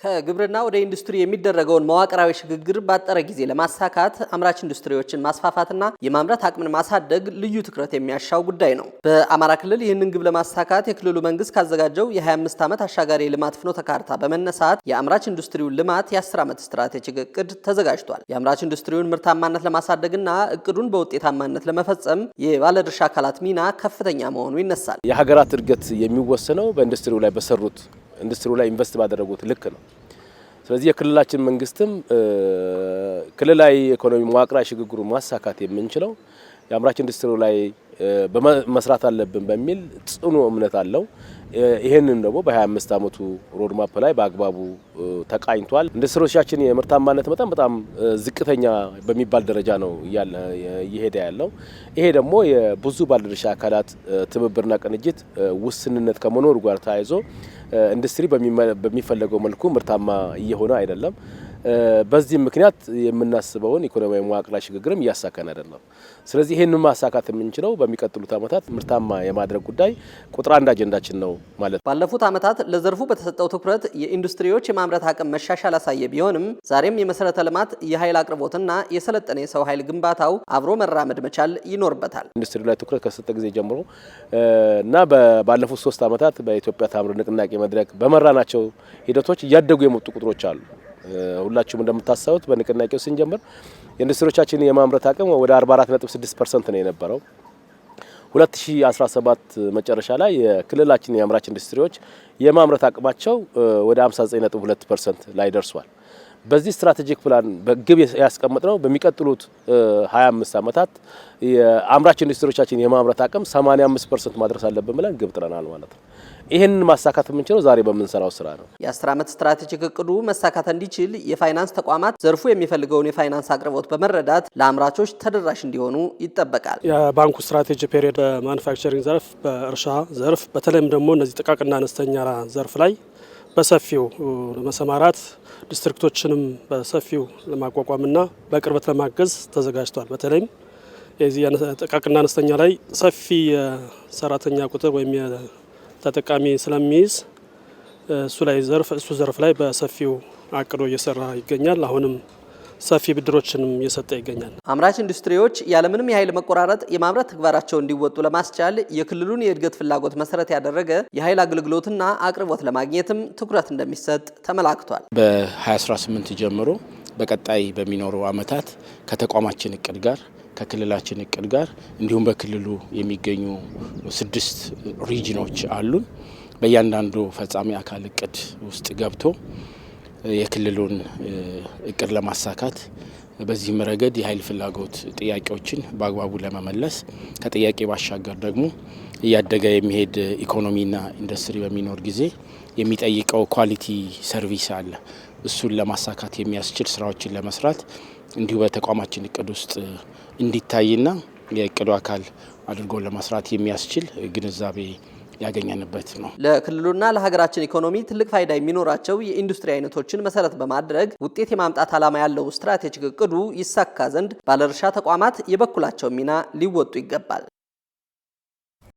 ከግብርና ወደ ኢንዱስትሪ የሚደረገውን መዋቅራዊ ሽግግር ባጠረ ጊዜ ለማሳካት አምራች ኢንዱስትሪዎችን ማስፋፋትና የማምረት አቅምን ማሳደግ ልዩ ትኩረት የሚያሻው ጉዳይ ነው። በአማራ ክልል ይህንን ግብ ለማሳካት የክልሉ መንግስት ካዘጋጀው የ25 ዓመት አሻጋሪ ልማት ፍኖተ ካርታ በመነሳት የአምራች ኢንዱስትሪውን ልማት የ10 ዓመት ስትራቴጂክ እቅድ ተዘጋጅቷል። የአምራች ኢንዱስትሪውን ምርታማነት ለማሳደግና እቅዱን በውጤታማነት ለመፈጸም የባለድርሻ አካላት ሚና ከፍተኛ መሆኑ ይነሳል። የሀገራት እድገት የሚወሰነው በኢንዱስትሪው ላይ በሰሩት ኢንዱስትሪ ላይ ኢንቨስት ባደረጉት ልክ ነው። ስለዚህ የክልላችን መንግስትም ክልላዊ ኢኮኖሚ መዋቅራዊ ሽግግሩን ማሳካት የምንችለው የአምራች ኢንዱስትሪ ላይ መስራት አለብን በሚል ጽኑ እምነት አለው። ይህንን ደግሞ በ25 ዓመቱ ሮድማፕ ላይ በአግባቡ ተቃኝቷል። ኢንዱስትሪዎቻችን የምርታማነት መጠን በጣም ዝቅተኛ በሚባል ደረጃ ነው እየሄደ ያለው። ይሄ ደግሞ የብዙ ባለድርሻ አካላት ትብብርና ቅንጅት ውስንነት ከመኖሩ ጋር ተያይዞ ኢንዱስትሪ በሚፈለገው መልኩ ምርታማ እየሆነ አይደለም። በዚህም ምክንያት የምናስበውን ኢኮኖሚያዊ መዋቅራዊ ሽግግርም እያሳካን አይደለም። ስለዚህ ይህንን ማሳካት የምንችለው በሚቀጥሉት ዓመታት ምርታማ የማድረግ ጉዳይ ቁጥር አንድ አጀንዳችን ነው ማለት ነው። ባለፉት ዓመታት ለዘርፉ በተሰጠው ትኩረት የኢንዱስትሪዎች የማምረት አቅም መሻሻል አሳየ ቢሆንም ዛሬም የመሰረተ ልማት፣ የኃይል አቅርቦትና የሰለጠነ የሰው ኃይል ግንባታው አብሮ መራመድ መቻል ይኖርበታል። ኢንዱስትሪ ላይ ትኩረት ከተሰጠ ጊዜ ጀምሮ እና ባለፉት ሶስት ዓመታት በኢትዮጵያ ታምርት ንቅናቄ መድረክ በመራናቸው ሂደቶች እያደጉ የመጡ ቁጥሮች አሉ። ሁላችሁም እንደምታስታውት በንቅናቄው ስንጀምር የኢንዱስትሪዎቻችን የማምረት አቅም ወደ 44.6 ፐርሰንት ነው የነበረው። 2017 መጨረሻ ላይ የክልላችን የአምራች ኢንዱስትሪዎች የማምረት አቅማቸው ወደ 59.2 ፐርሰንት ላይ ደርሷል። በዚህ ስትራቴጂክ ፕላን በግብ ያስቀመጥ ነው በሚቀጥሉት 25 ዓመታት የአምራች ኢንዱስትሪዎቻችን የማምረት አቅም 85 ፐርሰንት ማድረስ አለብን ብለን ግብ ጥለናል ማለት ነው። ይህንን ማሳካት የምንችለው ዛሬ በምንሰራው ስራ ነው። ዓመት ስትራቴጂክ እቅዱ መሳካት እንዲችል የፋይናንስ ተቋማት ዘርፉ የሚፈልገውን የፋይናንስ አቅርቦት በመረዳት ለአምራቾች ተደራሽ እንዲሆኑ ይጠበቃል። የባንኩ ስትራቴጂ ፔሪዮድ በማኑፋክቸሪንግ ዘርፍ፣ በእርሻ ዘርፍ በተለይም ደግሞ እነዚህ ጥቃቅና አነስተኛ ዘርፍ ላይ በሰፊው መሰማራት ዲስትሪክቶችንም በሰፊው ለማቋቋምና በቅርበት ለማገዝ ተዘጋጅቷል። በተለይም የዚህ ጥቃቅንና አነስተኛ ላይ ሰፊ የሰራተኛ ቁጥር ወይም ተጠቃሚ ስለሚይዝ እሱ ላይ ዘርፍ እሱ ዘርፍ ላይ በሰፊው አቅዶ እየሰራ ይገኛል። አሁንም ሰፊ ብድሮችንም እየሰጠ ይገኛል። አምራች ኢንዱስትሪዎች ያለምንም የኃይል መቆራረጥ የማምረት ተግባራቸውን እንዲወጡ ለማስቻል የክልሉን የእድገት ፍላጎት መሰረት ያደረገ የኃይል አገልግሎትና አቅርቦት ለማግኘትም ትኩረት እንደሚሰጥ ተመላክቷል። በ2018 ጀምሮ በቀጣይ በሚኖሩ ዓመታት ከተቋማችን እቅድ ጋር ከክልላችን እቅድ ጋር እንዲሁም በክልሉ የሚገኙ ስድስት ሪጅኖች አሉን። በእያንዳንዱ ፈጻሚ አካል እቅድ ውስጥ ገብቶ የክልሉን እቅድ ለማሳካት በዚህም ረገድ የኃይል ፍላጎት ጥያቄዎችን በአግባቡ ለመመለስ ከጥያቄ ባሻገር ደግሞ እያደገ የሚሄድ ኢኮኖሚና ኢንዱስትሪ በሚኖር ጊዜ የሚጠይቀው ኳሊቲ ሰርቪስ አለ። እሱን ለማሳካት የሚያስችል ስራዎችን ለመስራት እንዲሁ በተቋማችን እቅድ ውስጥ እንዲታይና የእቅዱ አካል አድርጎ ለመስራት የሚያስችል ግንዛቤ ያገኘንበት ነው። ለክልሉና ለሀገራችን ኢኮኖሚ ትልቅ ፋይዳ የሚኖራቸው የኢንዱስትሪ አይነቶችን መሰረት በማድረግ ውጤት የማምጣት ዓላማ ያለው ስትራቴጂክ እቅዱ ይሳካ ዘንድ ባለድርሻ ተቋማት የበኩላቸው ሚና ሊወጡ ይገባል።